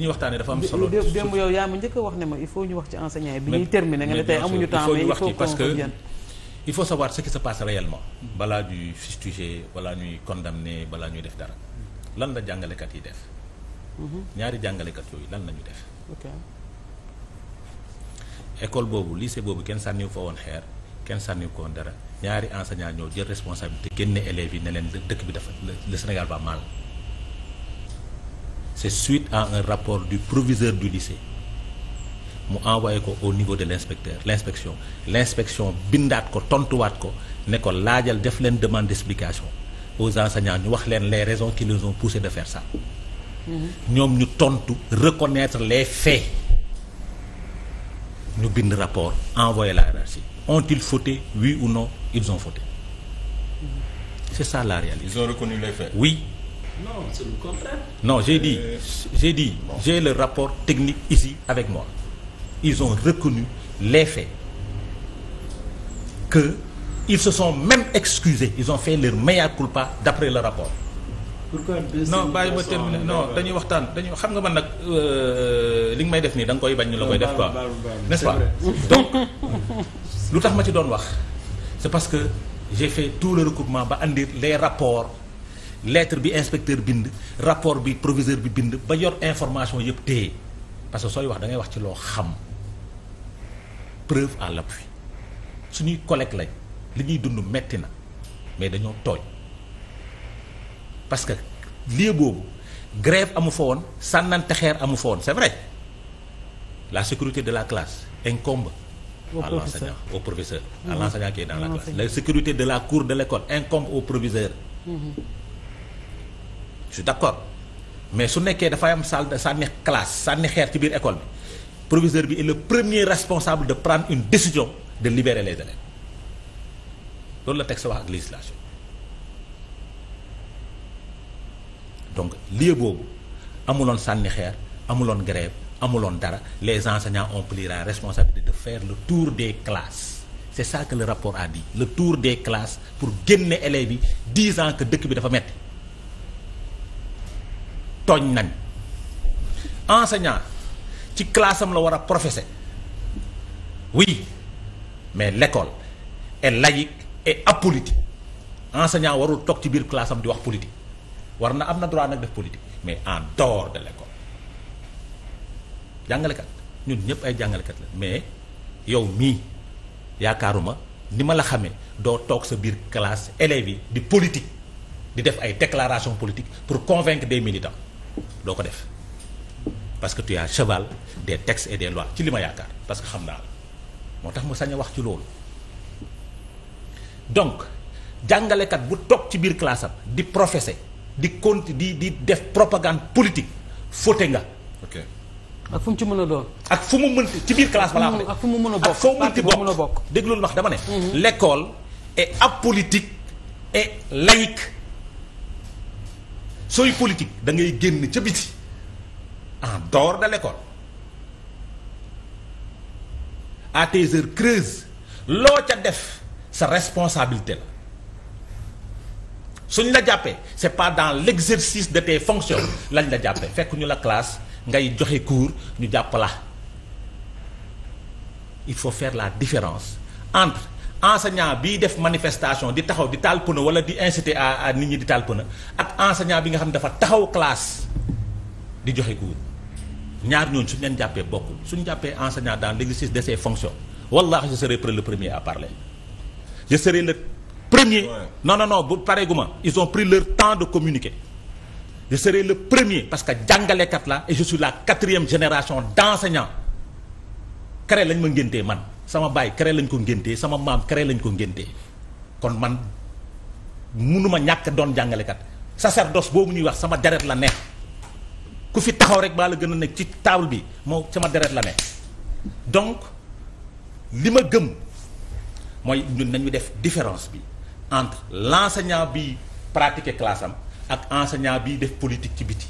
li ñuy waxtaanee dafa am solo. démb yow yaa ma njëkk a wax ne ma il faut ñu wax ci enseignant yi. bi ñuy terminer nga ne tey amuñu temps mais il faut ñu parce que il faut savoir ce qui se passe réellement. balaa ñuy fustiger balaa ñuy condamner balaa ñuy def dara lan la jàngalekat yi def. Mhm. ñaari jàngalekat yooyu lan la def. école boobu lycée boobu kenn sànniw fa woon xeer kenn sànniw ko woon dara ñaari enseignant ñoo jël responsabilité génne élèves yi ne leen dëkk bi dafa le Sénégal va mal. c'est suite à un rapport du proviseur du lycée mu envoyé ko au niveau de l'inspecteur l'inspection l'inspection bindaat ko tontuwaat ko ne ko laajal def leen demande d'explication aux enseignants ñu wax leen les raisons qui les ont poussés de faire ça mm-hmm. ñoom ñu tontu reconnaître les faits ñu bind rapport envoyé la hiérarchie ont-ils fauté oui ou no ils ont fauté mm-hmm. c'est ça la réalité ils ont reconnu les oui Non, c'est le contraire. Non, j'ai dit, le rapport technique ici avec moi. Ils ont reconnu les faits. Que ils se sont même excusés, ils ont fait leur meilleur culpa d'après le rapport. pourquoi non bàyyi ma terminer non dañuy waxtaan dañuy xam nga man nag euh, li nga may def nii da nga koy bañ. la koy def quoi n'est-ce pas. donc lu tax ma ci doon wax c'est parce que j'ai fait tout le recoupement ba indi les rapports. lettre bi inspecteur bind rapport bi proviseur bi bind ba yor information yëpp téye parce que sooy wax da ngay wax ci loo xam preuve à l'appui suñuy collègue lañ li ñuy dund metti na mais dañoo tooñ parce que lieu boobu grève amu fa woon sànnante xeer amu fa woon c'est vrai la sécurité de la classe incombe au à l'enseignant au professeur à l'enseignant qui dans la classe la sécurité de la cour de l'école incombe au proviseur mmh. je suis d'accord mais su nekkee dafay am salle sànni classe sànni xeer ci biir école bi proviseur bi est le premier responsable de prendre une décision de libérer les élèves loolu la texte wax ak législation donc lieu boobu amuloon sànni xeer amuloon grève amuloon dara les enseignants ont pris la responsabilité de faire le tour des classes c'est ça que le rapport à dit le tour des classes pour génne élèves yi dix ans que dëkk bi dafa metti tooñ nañ enseignant ci classe am la war a professeur oui mais l'école est laïque et apolitique enseignant warul toog ci biir classe am di wax politique war na am na droit nag def politique mais en dehors de l'école jàngalekat ñun ñëpp ay jàngalekat la mais yow mii yaakaaruma ni ma la xamee doo toog sa biir classe élèves yi di politique di def ay déclaration politique pour convaincre des militants doo ko def parce que tu es à cheval des et des lois ci li ma yaakaar parce que xam naa la moo tax mu sañ a wax ci loolu donc jàngalekat bu toog ci biir classe di professé di conti di di def propagande politique fóote nga. ok ak fu ci mën a doon. ak fu mu mënti ci biir classe balaa xam ne ak fu mu mën a bokk ak foo mënti bokk dégg loolu wax dama ne. Mhm. l'école est apolitique et laïque. sooy politique da ngay génn ca biti en ah, dehors de l'école à tes crise loo ca def sa responsabilité la suñ la jàppee c'est pas dans l'exercice de tes fonctions lañ la jàppee fekk ñu la classe ngay joxe cours ñu jàpp la il faut faire la différence entre enseignant bi def manifestation di taxaw di taal pneu wala di inciter à nit ñi di taal pneu ak enseignant bi nga xam ne dafa taxaw classe di joxe cours ñaar ñooñu su leen jàppee bokkul suñu jàppee enseignant dans l'exercice de ses fonctions wallahi je serai le premier à parler je serai le premier ouais. non non non bu pareeguma ils leur temps de communiquer je le premier parce que jàngalekat la et je suis la quatrième génération d'enseignants kare lañ ma ngéntee man sama baay crée lañ ko ngénte sama maam crée lañ ko ngéntee kon man munuma ñàkk doon jàngalekat sacerdoce boobu ñuy wax sama deret la neex ku fi taxaw rek baa la gën a nekk ci table bi moo sama deret la nekk donc li ma gëm mooy ñun nañu def différence bi entre l'enseignant bi pratiquer classe am ak enseignant bi def politique ci biti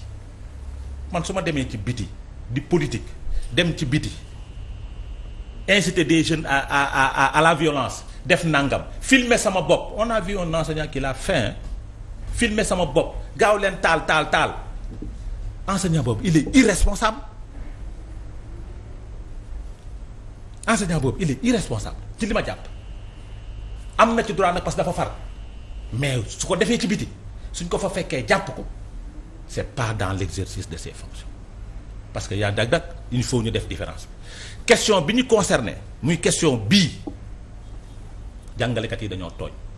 man su ma demee ci biti di politique dem ci biti incité des jeunes à à à à la violence def nangam filmer sama bopp on a vu un enseignant qui l'a fait filmer sama bopp gaaw leen taal taal taal enseignant boobu il est irresponsable enseignant boobu il est irresponsable ci li ma jàpp am na ci droit nag parce que dafa far mais su ko defee ci biti suñ ko fa fekkee jàpp ko c'est pas dans l'exercice de ses fonctions parce que yaa dag-dag il faut ñu def différence question bi ñu concerné muy question bii jàngalekat yi dañoo tooñ